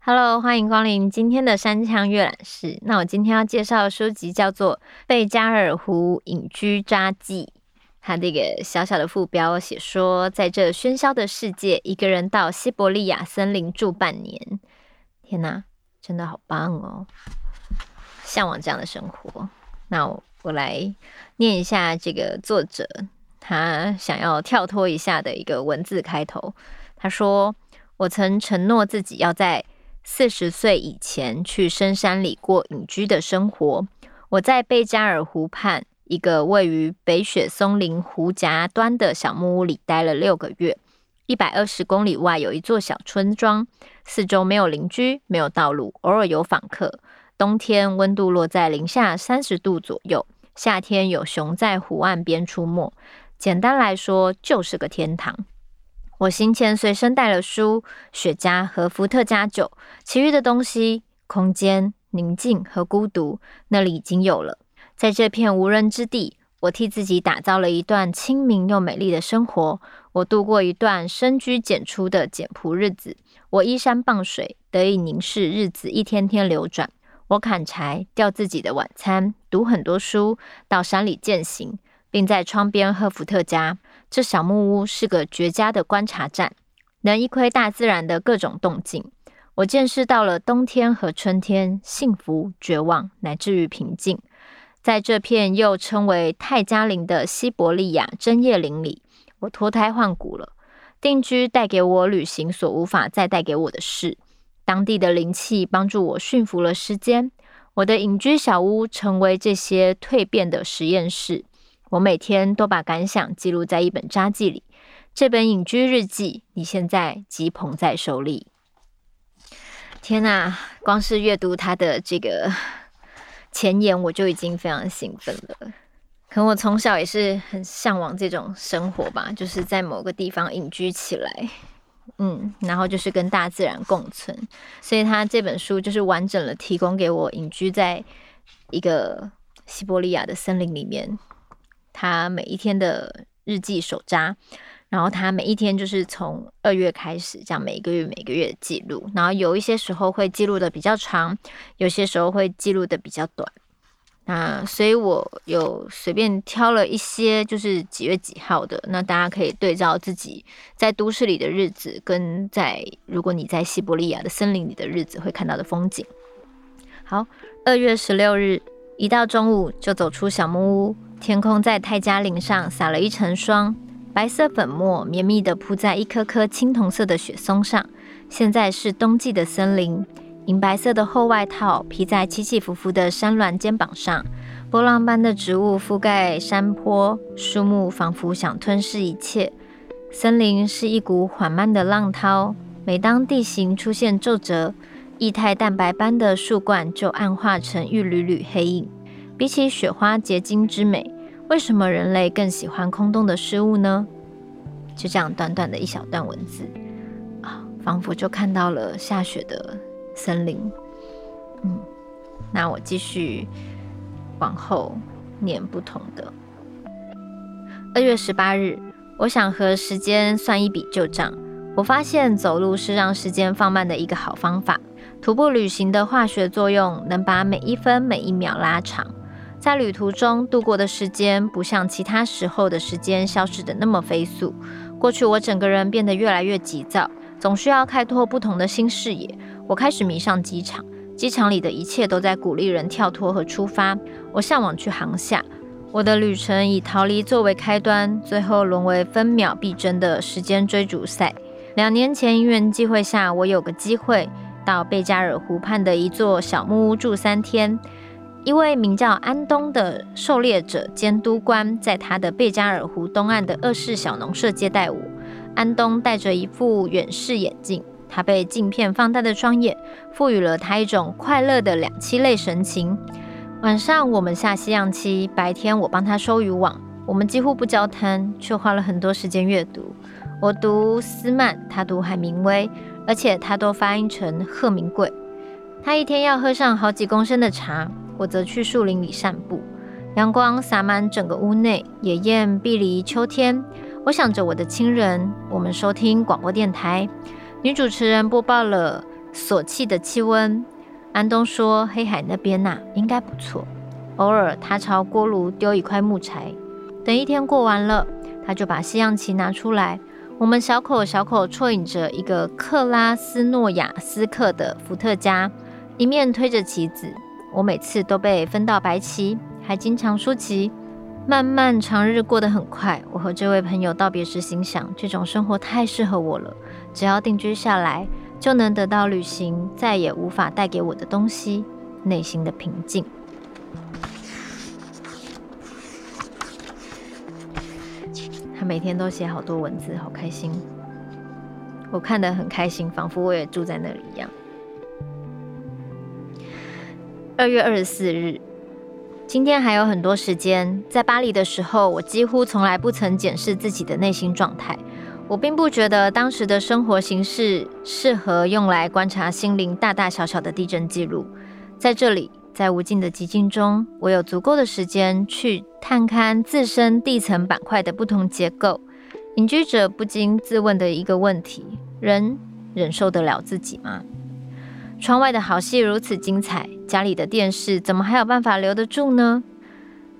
Hello，歡迎光臨今天的山羌閱覽室。那我今天要介紹的書籍叫做《貝加爾湖隱居札記》，它的一個小小的副標寫說，在這喧囂的世界，一個人到西伯利亞森林住半年。天哪，真的好棒哦！嚮往這樣的生活，那我，我來念一下這個作者他想要跳脫一下的一個文字開頭。他說：“我曾承諾自己要在四十歲以前去深山裡過隱居的生活。我在貝加爾湖畔一個位於北雪松林湖夾端的小木屋裡待了六個月。一百二十公里外有一座小村莊，四周沒有鄰居，沒有道路，偶爾有訪客。”冬天溫度落在零下三十度左右，夏天有熊在湖岸邊出沒。簡單來說，就是個天堂。我行前隨身帶了書、雪茄和伏特加酒，其餘的東西、空間、寧靜和孤獨，那裡已經有了。在這片無人之地，我替自己打造了一段清明又美麗的生活。我度過一段深居簡出的簡樸日子。我依山傍水，得以凝視日子一天天流轉。我砍柴，釣自己的晚餐，讀很多書，到山裡踐行，並在窗邊喝伏特加。這小木屋是個絕佳的觀察站，能一窺大自然的各種動靜。我見識到了冬天和春天，幸福、絕望乃至於平靜。在這片又稱為泰加林的西伯利亞針葉林裡，我脫胎換骨了，定居帶給我旅行所無法再帶給我的事。當地的靈氣幫助我馴服了時間。我的隱居小屋成為這些蛻變的實驗室。我每天都把感想記錄在一本札記裡。這本隱居日記，你現在即捧在手裡。天吶，光是閱讀它的這個前言，我就已經非常興奮了。可能我從小也是很嚮往這種生活吧，就是在某個地方隱居起來。嗯，然後就是跟大自然共存，所以他這本書就是完整的提供給我隱居在一個西伯利亞的森林裡面，他每一天的日記手札，然後他每一天就是從二月開始，這樣每個月、每個月記錄，然後有一些時候會記錄的比較長，有些時候會記錄的比較短。那所以，我有隨便挑了一些，就是幾月幾號的。那大家可以對照自己在都市裡的日子，跟在如果你在西伯利亞的森林裡的日子會看到的風景。好，二月十六日，一到中午就走出小木屋，天空在泰加林上撒了一層霜，白色粉末綿密的鋪在一棵棵青銅色的雪松上。現在是冬季的森林。銀白色的厚外套披在起起伏伏的山巒肩膀上，波浪般的植物覆蓋山坡，樹木仿佛想吞噬一切。森林是一股緩慢的浪濤，每當地形出現皺褶，液態蛋白般的樹冠就暗化成一縷縷黑影。比起雪花結晶之美，為什麼人類更喜歡空洞的事物呢？就這樣短短的一小段文字啊，彷彿就看到了下雪的。森林，嗯，那我繼續往後唸不同的。二月十八日，我想和時間算一筆舊賬。我發現走路是讓時間放慢的一個好方法。徒步旅行的化學作用能把每一分每一秒拉長，在旅途中度過的時間不像其他時候的時間消失得那麼飛速。過去我整個人變得越來越急躁，總需要開拓不同的新視野。我開始迷上機場，機場裡的一切都在鼓勵人跳脫和出發。我嚮往去航廈，我的旅程以逃離作為開端，最後淪為分秒必爭的時間追逐賽。兩年前，因緣際會下，我有個機會到貝加爾湖畔的一座小木屋住三天。一位名叫安東的狩獵者監督官，在他的貝加爾湖東岸的二式小農舍接待我。安東戴着一副遠視眼鏡。他被鏡片放大的雙眼，賦予了他一種快樂的兩棲類神情。晚上我們下西洋棋，白天我幫他收漁網。我們幾乎不交談，卻花了很多時間閱讀。我讀斯曼，他讀海明威，而且他都發音成赫明貴。他一天要喝上好幾公升的茶，我則去樹林裡散步。陽光灑滿整個屋內，野燕碧離秋天。我想着我的親人，我們收聽廣播電台。女主持人播報了索契的氣溫。安東說：“黑海那邊吶、啊，應該不錯。”偶爾，他朝鍋爐丟一塊木柴。等一天過完了，他就把西洋棋拿出來。我們小口小口啜飲着一個克拉斯諾亞斯克的伏特加，一面推着棋子。我每次都被分到白棋，還經常輸棋。漫漫長日過得很快，我和這位朋友道別時心想，這種生活太適合我了，只要定居下來，就能得到旅行再也無法帶給我的東西——內心的平靜。他每天都寫好多文字，好開心，我看得很開心，仿佛我也住在那裡一樣。二月二十四日。今天還有很多時間。在巴黎的時候，我幾乎從來不曾檢視自己的內心狀態。我並不覺得當時的生活形式適合用來觀察心靈大大小小的地震記錄。在這裡，在無盡的寂靜中，我有足夠的時間去探勘自身地層板塊的不同結構。隱居者不禁自問的一個問題：人忍受得了自己嗎？窗外的好戲如此精彩，家裡的電視怎麼還有辦法留得住呢？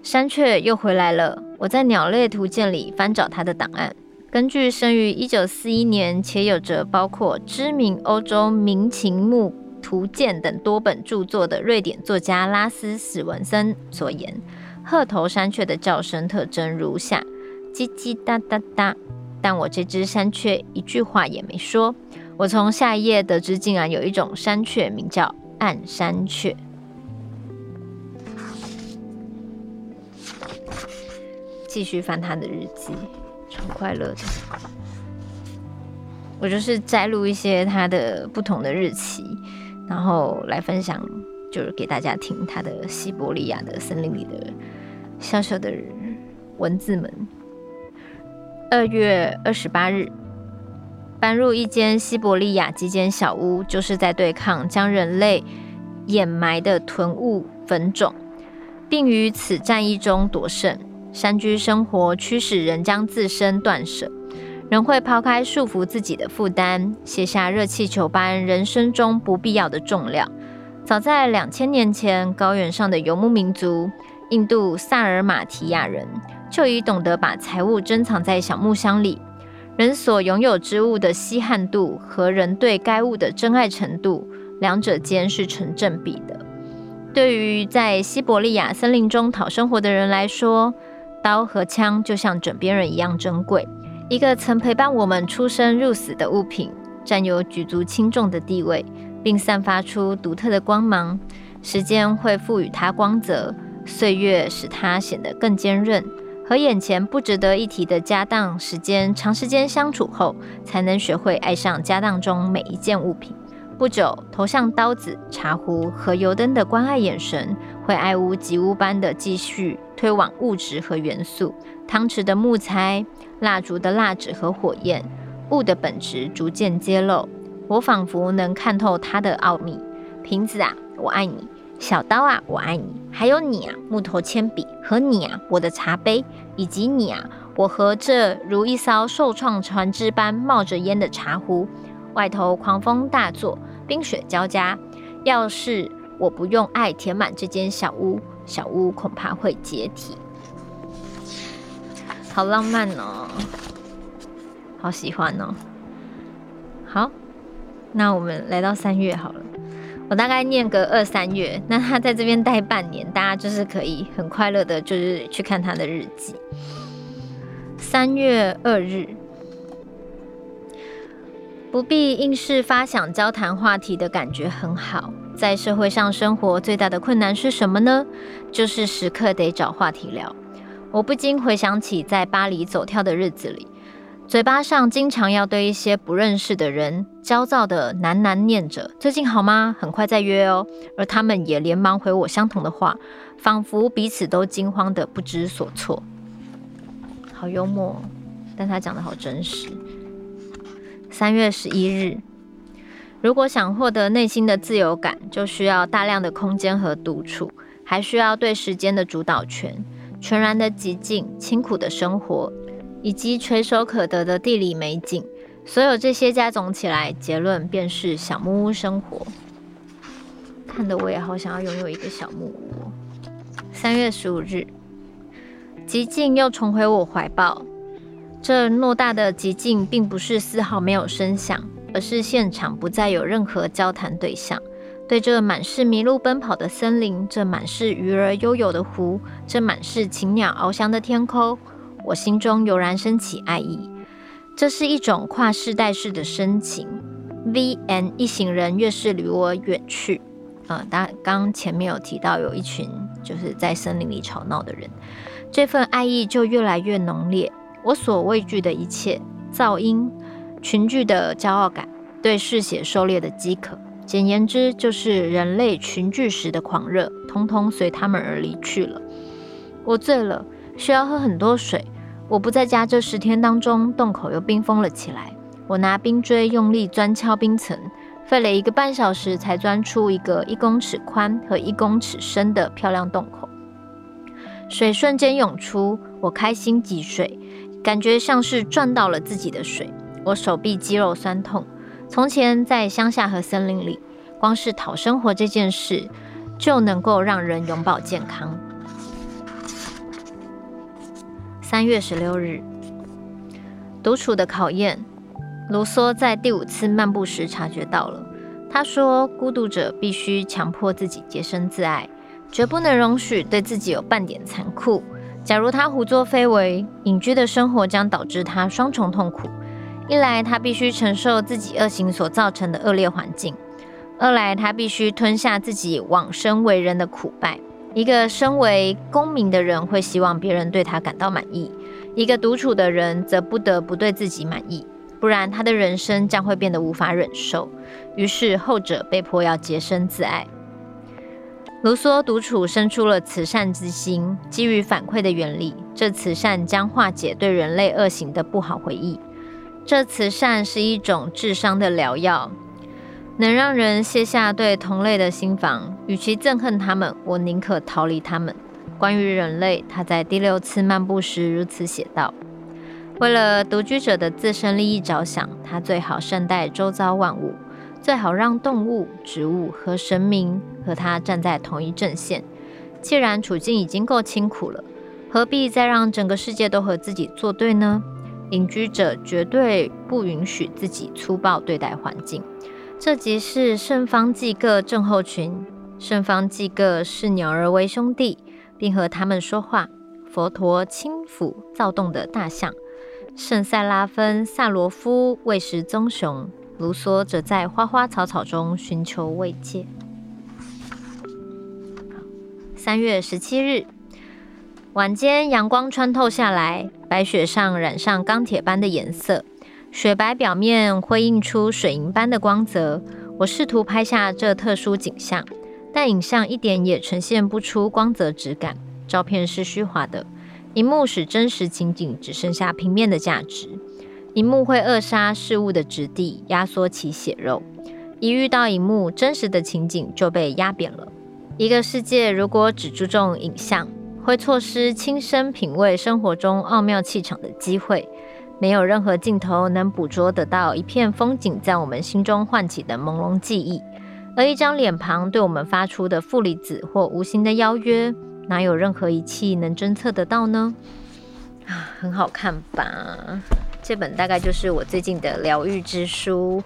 山雀又回來了。我在鳥類圖鑑裡翻找它的檔案。根據生於1941年且有着包括《知名歐洲明禽目圖鑑》等多本著作的瑞典作家拉斯·史文森所言，鶴頭山雀的叫聲特徵如下：嘰嘰噠噠噠。但我這只山雀一句話也沒說。我從下一頁得知、啊，竟然有一種山雀名叫暗山雀。繼續翻他的日記，超快樂的。我就是摘錄一些他的不同的日期，然後來分享，就是給大家聽他的西伯利亞的森林裡的小小的人，文字們。二月二十八日。搬入一間西伯利亞極簡小屋，就是在對抗將人類掩埋的囤物墳冢，並於此戰役中奪勝。山居生活驅使人將自身斷捨，人會拋開束縛自己的負擔，卸下熱氣球般人生中不必要的重量。早在兩千年前，高原上的游牧民族印度薩爾馬提亞人就已懂得把財物珍藏在小木箱裡。人所擁有之物的稀罕度和人對該物的珍愛程度，兩者間是成正比的。對於在西伯利亞森林中討生活的人來說，刀和槍就像枕邊人一樣珍貴。一個曾陪伴我們出生入死的物品，占有舉足輕重的地位，並散發出獨特的光芒。時間會賦予它光澤，歲月使它顯得更堅韌。和眼前不值得一提的家當，時間長時間相處後，才能學會愛上家當中每一件物品。不久，投向刀子、茶壺和油燈的關愛眼神，會愛屋及烏般的繼續推往物質和元素。湯匙的木材、蠟燭的蠟紙和火焰，物的本質逐漸揭露。我仿佛能看透它的奧秘。瓶子啊，我愛你。小刀啊，我愛你。還有你啊，木頭鉛筆和你啊，我的茶杯，以及你啊，我和這如一艘受創船只般冒着煙的茶壺。外頭狂風大作，冰雪交加。要是我不用愛填滿這間小屋，小屋恐怕會解體。好浪漫哦，好喜歡哦。好，那我們來到三月好了。我大概念個二三月，那他在這邊待半年，大家就是可以很快樂的，就是去看他的日記。三月二日，不必硬是發想交談話題的感覺很好。在社會上生活最大的困難是什麼呢？就是時刻得找話題聊。我不禁回想起在巴黎走跳的日子裡。嘴巴上經常要對一些不認識的人焦躁的喃喃念着“最近好嗎？很快再約哦。”而他們也連忙回我相同的話，仿佛彼此都驚慌得不知所措。好幽默，但他講得好真實。三月十一日，如果想獲得內心的自由感，就需要大量的空間和獨處，還需要對時間的主導權，全然的極盡、清苦的生活。以及垂手可得的地理美景，所有這些加總起來，結論便是小木屋生活。看得我也好想要擁有一個小木屋。三月十五日，寂靜又重回我懷抱。這偌大的寂靜，並不是絲毫沒有聲響，而是現場不再有任何交談對象。對這滿是麋鹿奔跑的森林，這滿是魚兒悠游的湖，這滿是禽鳥翱翔的天空。我心中油然升起愛意，這是一種跨世代式的深情。VN 一行人越是離我遠去，呃，當剛剛前面有提到，有一群就是在森林裡吵鬧的人，這份愛意就越來越濃烈。我所畏懼的一切噪音、群聚的驕傲感、對嗜血狩獵的飢渴，簡言之，就是人類群聚時的狂熱，通通隨他們而離去了。我醉了，需要喝很多水。我不在家這十天當中，洞口又冰封了起來。我拿冰錐用力鑽敲冰層，費了一個半小時才鑽出一個一公尺寬和一公尺深的漂亮洞口。水瞬間湧出，我開心汲水，感覺像是賺到了自己的水。我手臂肌肉痠痛。從前在鄉下和森林裡，光是討生活這件事就能夠讓人永葆健康。三月十六日，獨處的考驗。盧梭在第五次漫步時察覺到了。他說：“孤獨者必須強迫自己潔身自愛，絕不能容許對自己有半點殘酷。假如他胡作非為，隱居的生活將導致他雙重痛苦：一來他必須承受自己惡行所造成的惡劣環境；二來他必須吞下自己枉生為人的苦敗。”一個身為公民的人會希望別人對他感到滿意，一個獨處的人則不得不對自己滿意，不然他的人生將會變得無法忍受。於是後者被迫要潔身自愛。盧梭獨處生出了慈善之心，基於反饋的原理，這慈善將化解對人類惡行的不好回憶，這慈善是一種智商的良藥。能讓人卸下對同類的心防，與其憎恨他們，我寧可逃離他們。關於人類，他在第六次漫步時如此寫道：“為了獨居者的自身利益着想，他最好善待周遭萬物，最好讓動物、植物和神明和他站在同一陣線。既然處境已經夠清苦了，何必再讓整個世界都和自己作對呢？隱居者絕對不允許自己粗暴對待環境。”這集是聖方濟各症候群。聖方濟各視鳥兒為兄弟，並和他們說話。佛陀輕撫躁動的大象。聖塞拉芬薩羅夫餵食棕熊。盧梭則在花花草草中尋求慰藉。三月十七日，晚間陽光穿透下來，白雪上染上鋼鐵般的顏色。雪白表面會映出水銀般的光澤，我試圖拍下這特殊景象，但影像一點也呈現不出光澤質感，照片是虛化的。熒幕使真實情景只剩下平面的價值，熒幕會扼殺事物的質地，壓縮其血肉。一遇到熒幕，真實的情景就被壓扁了。一個世界如果只注重影像，會錯失親身品味生活中奧妙氣場的機會。沒有任何鏡頭能捕捉得到一片風景在我們心中喚起的朦朧記憶，而一張臉龐對我們發出的負離子或無形的邀約，哪有任何儀器能偵測得到呢？啊，很好看吧？這本大概就是我最近的療癒之書，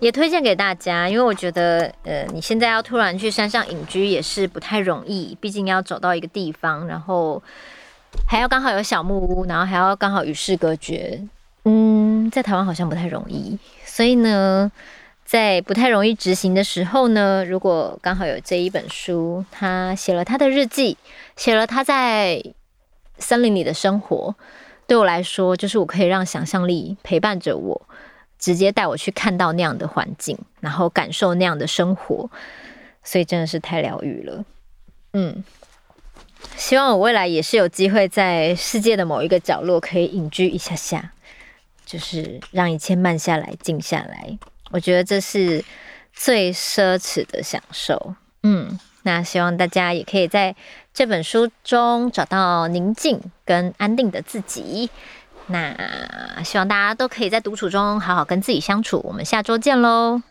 也推薦給大家，因為我覺得，呃，你現在要突然去山上隱居也是不太容易，畢竟要走到一個地方，然後還要剛好有小木屋，然後還要剛好與世隔絕。在台灣好像不太容易，所以呢，在不太容易執行的時候呢，如果剛好有這一本書，他寫了他的日記，寫了他在森林裡的生活，對我來說，就是我可以讓想象力陪伴着我，直接帶我去看到那樣的環境，然後感受那樣的生活，所以真的是太療癒了。嗯，希望我未來也是有機會在世界的某一個角落可以隱居一下下。就是讓一切慢下來、靜下來，我覺得這是最奢侈的享受。嗯，那希望大家也可以在這本書中找到寧靜跟安定的自己。那希望大家都可以在獨處中好好跟自己相處。我們下周見嘍。